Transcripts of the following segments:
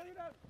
¡Adelante,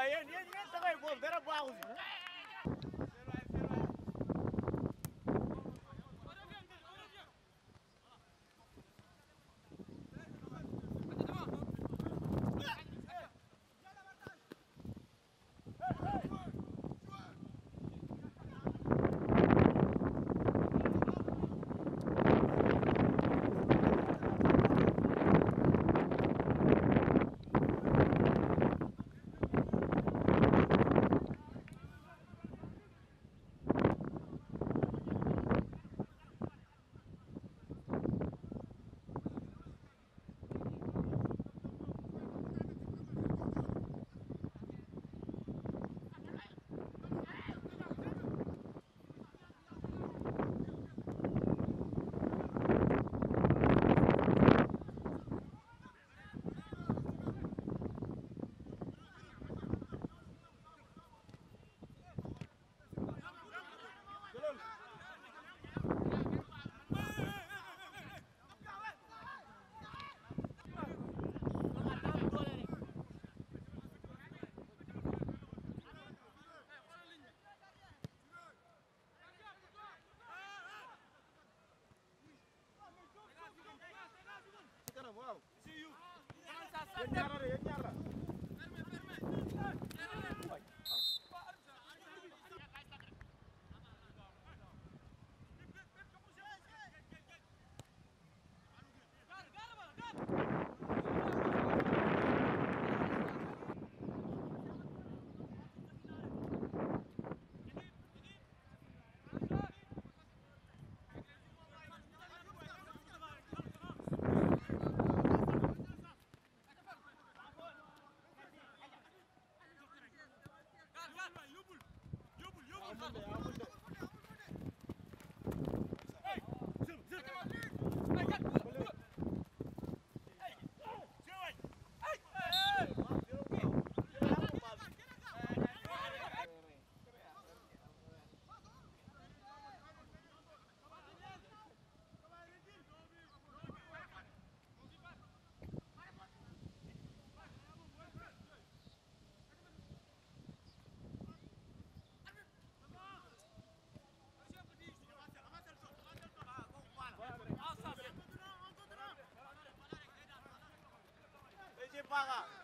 Aí tá a tava também, era Barros. ఏం చేయాలి அவன் அவன் b a n